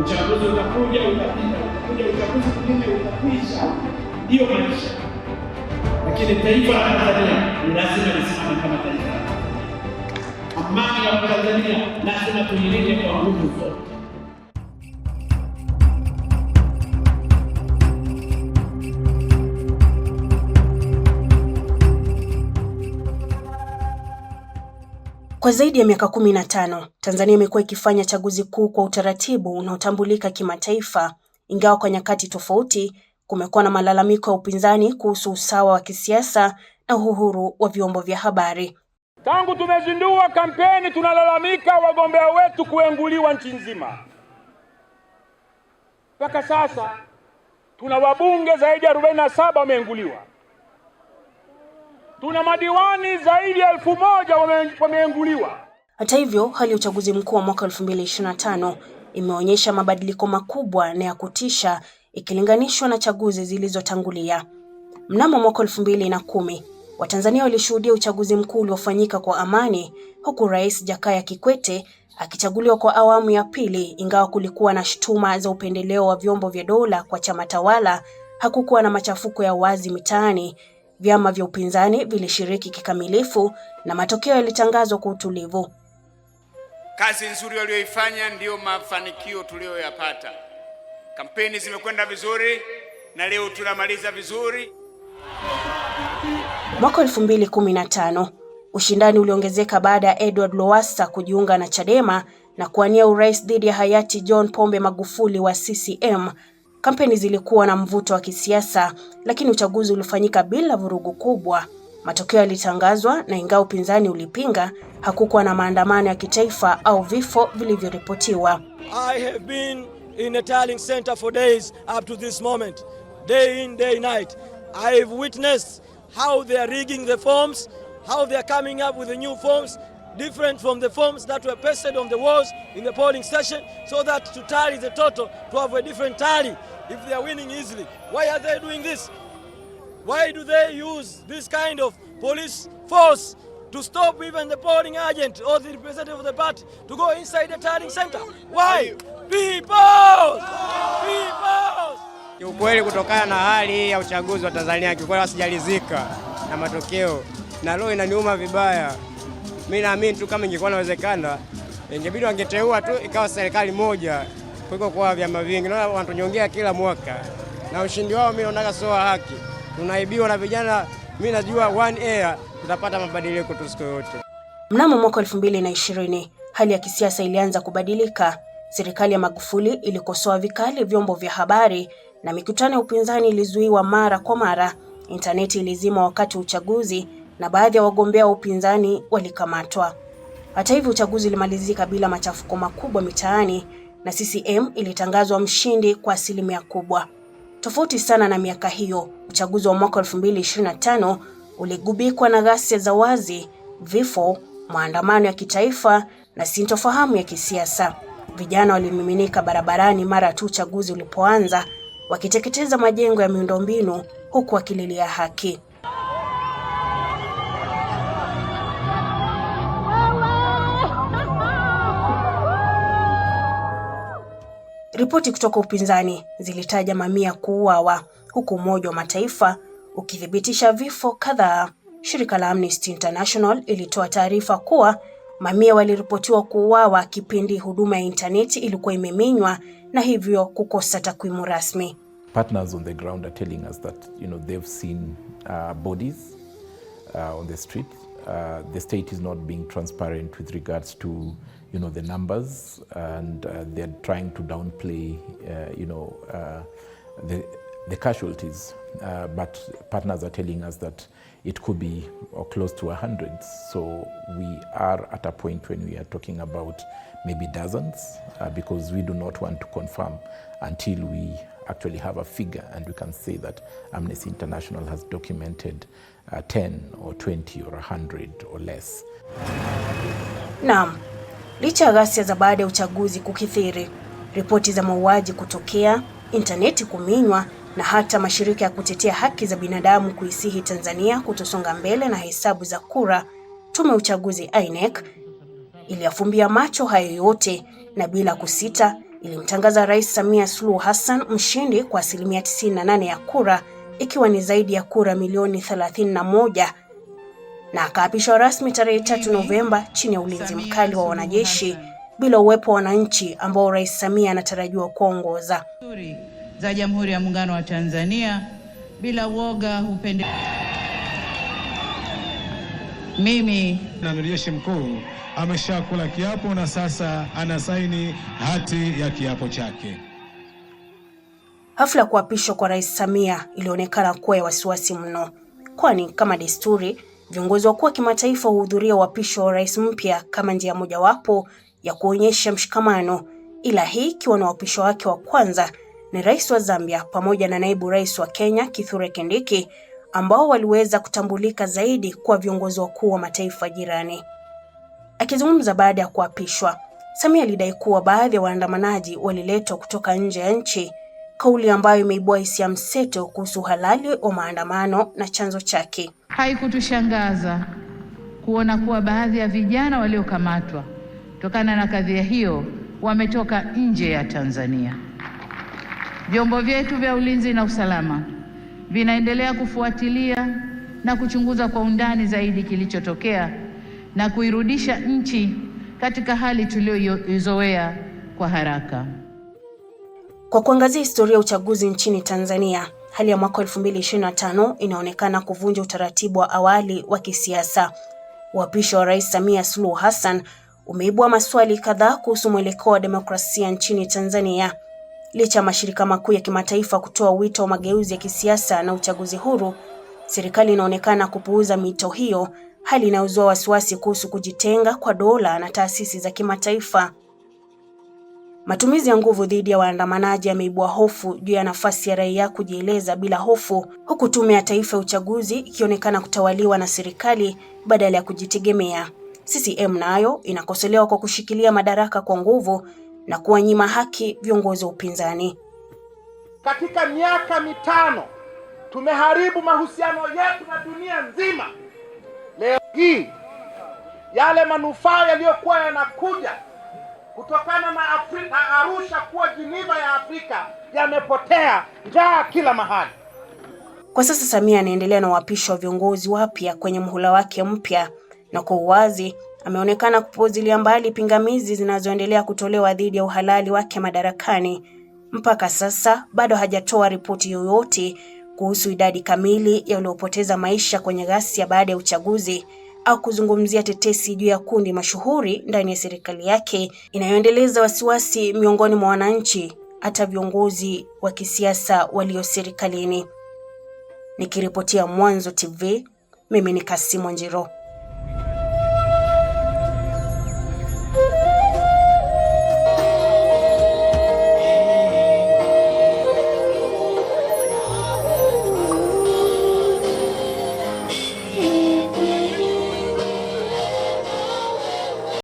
Uchaguzi utakuja utapita, utakuja uchaguzi mwingine utakwisha. Hiyo maisha. Lakini taifa la Tanzania ni lazima lisimame kama taifa. Amani ya Tanzania lazima tuilinde kwa nguvu zote. Kwa zaidi ya miaka kumi na tano, Tanzania imekuwa ikifanya chaguzi kuu kwa utaratibu unaotambulika kimataifa, ingawa kwa nyakati tofauti kumekuwa na malalamiko ya upinzani kuhusu usawa wa kisiasa na uhuru wa vyombo vya habari. Tangu tumezindua kampeni, tunalalamika wagombea wetu kuenguliwa nchi nzima. Mpaka sasa tuna wabunge zaidi ya 47 wameenguliwa tuna madiwani zaidi ya elfu moja wameenguliwa. Hata hivyo, hali ya uchaguzi mkuu wa mwaka 2025 imeonyesha mabadiliko makubwa na ya kutisha ikilinganishwa na chaguzi zilizotangulia. Mnamo mwaka 2010 Watanzania walishuhudia uchaguzi mkuu uliofanyika kwa amani, huku Rais Jakaya Kikwete akichaguliwa kwa awamu ya pili. Ingawa kulikuwa na shutuma za upendeleo wa vyombo vya dola kwa chama tawala, hakukuwa na machafuko ya wazi mitaani vyama vya upinzani vilishiriki kikamilifu na matokeo yalitangazwa kwa utulivu. Kazi nzuri walioifanya ndiyo mafanikio tuliyoyapata. Kampeni zimekwenda vizuri na leo tunamaliza vizuri. Mwaka 2015 ushindani uliongezeka baada ya Edward Lowassa kujiunga na Chadema na kuwania urais dhidi ya hayati John Pombe Magufuli wa CCM Kampeni zilikuwa na mvuto wa kisiasa, lakini uchaguzi ulifanyika bila vurugu kubwa. Matokeo yalitangazwa na ingawa upinzani ulipinga, hakukuwa na maandamano ya kitaifa au vifo vilivyoripotiwa. I have been in a tallying center for days up to this moment. Day in, day night. I have witnessed how they are rigging the forms, how they are coming up with the new forms different from the forms that were pasted on the walls in the polling station so that to tally the total to have a different tally if they are winning easily. Why are they doing this? Why do they use this kind of police force to stop even the polling agent or the representative of the party to go inside the turning center? Why? People! People! Kiukweli kutokana na hali ya uchaguzi wa Tanzania kiukweli wasijalizika na matokeo. Na leo inaniuma vibaya. Mimi naamini tu kama ingekuwa inawezekana ingebidi wangeteua tu ikawa serikali moja kuliko kwa vyama vingi. Naona wanatunyongea kila mwaka, na ushindi wao mimi naona sio haki, tunaibiwa na vijana. Mimi najua one air tutapata mabadiliko tu siku yote. Mnamo mwaka 2020 hali ya kisiasa ilianza kubadilika. Serikali ya Magufuli ilikosoa vikali vyombo vya habari na mikutano ya upinzani ilizuiwa mara kwa mara. Intaneti ilizima wakati wa uchaguzi na baadhi ya wagombea wa upinzani walikamatwa. Hata hivyo, uchaguzi ulimalizika bila machafuko makubwa mitaani na CCM ilitangazwa mshindi kwa asilimia kubwa. Tofauti sana na miaka hiyo, uchaguzi wa mwaka 2025 uligubikwa na ghasia za wazi, vifo, maandamano ya kitaifa na sintofahamu ya kisiasa. Vijana walimiminika barabarani mara tu uchaguzi ulipoanza, wakiteketeza majengo ya miundombinu huku wakililia haki. Ripoti kutoka upinzani zilitaja mamia kuuawa, huku Umoja wa Mataifa ukithibitisha vifo kadhaa. Shirika la Amnesty International ilitoa taarifa kuwa mamia waliripotiwa kuuawa kipindi huduma ya intaneti ilikuwa imeminywa na hivyo kukosa takwimu rasmi. Partners on the ground are telling us that you know they've seen uh, bodies uh, on the street. Uh, the state is not being transparent with regards to you know, the numbers and uh, they're trying to downplay, uh, you know, uh, the, the casualties. Uh, but partners are telling us that it could be or close to 100. So we are at a point when we are talking about maybe dozens uh, because we do not want to confirm until we actually have a figure and we can say that Amnesty International has documented uh, 10 or 20 or 100 or less. Now. licha ya ghasia za baada ya uchaguzi kukithiri, ripoti za mauaji kutokea, intaneti kuminywa na hata mashirika ya kutetea haki za binadamu kuisihi Tanzania kutosonga mbele na hesabu za kura, tume uchaguzi INEC iliyafumbia macho hayo yote na bila kusita ilimtangaza Rais Samia Suluhu Hassan mshindi kwa asilimia 98 ya kura, ikiwa ni zaidi ya kura milioni 31 na akaapishwa rasmi tarehe tatu Novemba chini ya ulinzi mkali wa wanajeshi bila uwepo wa wananchi ambao Rais Samia anatarajiwa kuongoza za Jamhuri ya Muungano wa Tanzania bila woga upende. Mimi na amiri jeshi mkuu ameshakula kiapo na sasa anasaini hati ya kiapo chake. Hafla ya kuapishwa kwa Rais Samia ilionekana kuwa ya wasiwasi mno, kwani kama desturi Viongozi wakuu wa kimataifa huhudhuria uapisho wa rais mpya kama njia mojawapo ya kuonyesha mshikamano, ila hii ikiwa na uapisho wake wa kwanza ni rais wa Zambia pamoja na naibu rais wa Kenya Kithure Kindiki ambao waliweza kutambulika zaidi kwa viongozi wakuu wa mataifa jirani. Akizungumza baada ya kuapishwa, Samia alidai kuwa baadhi ya waandamanaji waliletwa kutoka nje ya nchi kauli ambayo imeibua hisia mseto kuhusu uhalali wa maandamano na chanzo chake. Haikutushangaza kuona kuwa baadhi ya vijana waliokamatwa kutokana na kadhia hiyo wametoka nje ya Tanzania. Vyombo vyetu vya ulinzi na usalama vinaendelea kufuatilia na kuchunguza kwa undani zaidi kilichotokea na kuirudisha nchi katika hali tuliyoizoea kwa haraka. Kwa kuangazia historia ya uchaguzi nchini Tanzania, hali ya mwaka 2025 inaonekana kuvunja utaratibu wa awali wa kisiasa. Uapisho wa Rais Samia Suluhu Hassan umeibua maswali kadhaa kuhusu mwelekeo wa demokrasia nchini Tanzania. Licha ya mashirika makuu ya kimataifa kutoa wito wa mageuzi ya kisiasa na uchaguzi huru, serikali inaonekana kupuuza mito hiyo, hali inayozua wasiwasi kuhusu kujitenga kwa dola na taasisi za kimataifa. Matumizi ya nguvu dhidi ya waandamanaji yameibua hofu juu ya nafasi ya raia kujieleza bila hofu, huku Tume ya Taifa ya Uchaguzi ikionekana kutawaliwa na serikali badala ya kujitegemea. CCM nayo inakosolewa kwa kushikilia madaraka kwa nguvu na kuwanyima haki viongozi wa upinzani. Katika miaka mitano tumeharibu mahusiano yetu na dunia nzima. Leo hii yale manufaa yaliyokuwa yanakuja kutokana na Afrika, Arusha kuwa Geneva ya Afrika yamepotea, njaa kila mahali. Kwa sasa Samia anaendelea na uapisho wa viongozi wapya kwenye mhula wake mpya, na kwa uwazi ameonekana kupuuzilia mbali pingamizi zinazoendelea kutolewa dhidi ya uhalali wake madarakani. Mpaka sasa bado hajatoa ripoti yoyote kuhusu idadi kamili ya waliopoteza maisha kwenye ghasia baada ya uchaguzi au kuzungumzia tetesi juu ya kundi mashuhuri ndani ya serikali yake inayoendeleza wasiwasi miongoni mwa wananchi, hata viongozi wa kisiasa walio serikalini. Nikiripotia Mwanzo TV, mimi ni Kasimu Njiro.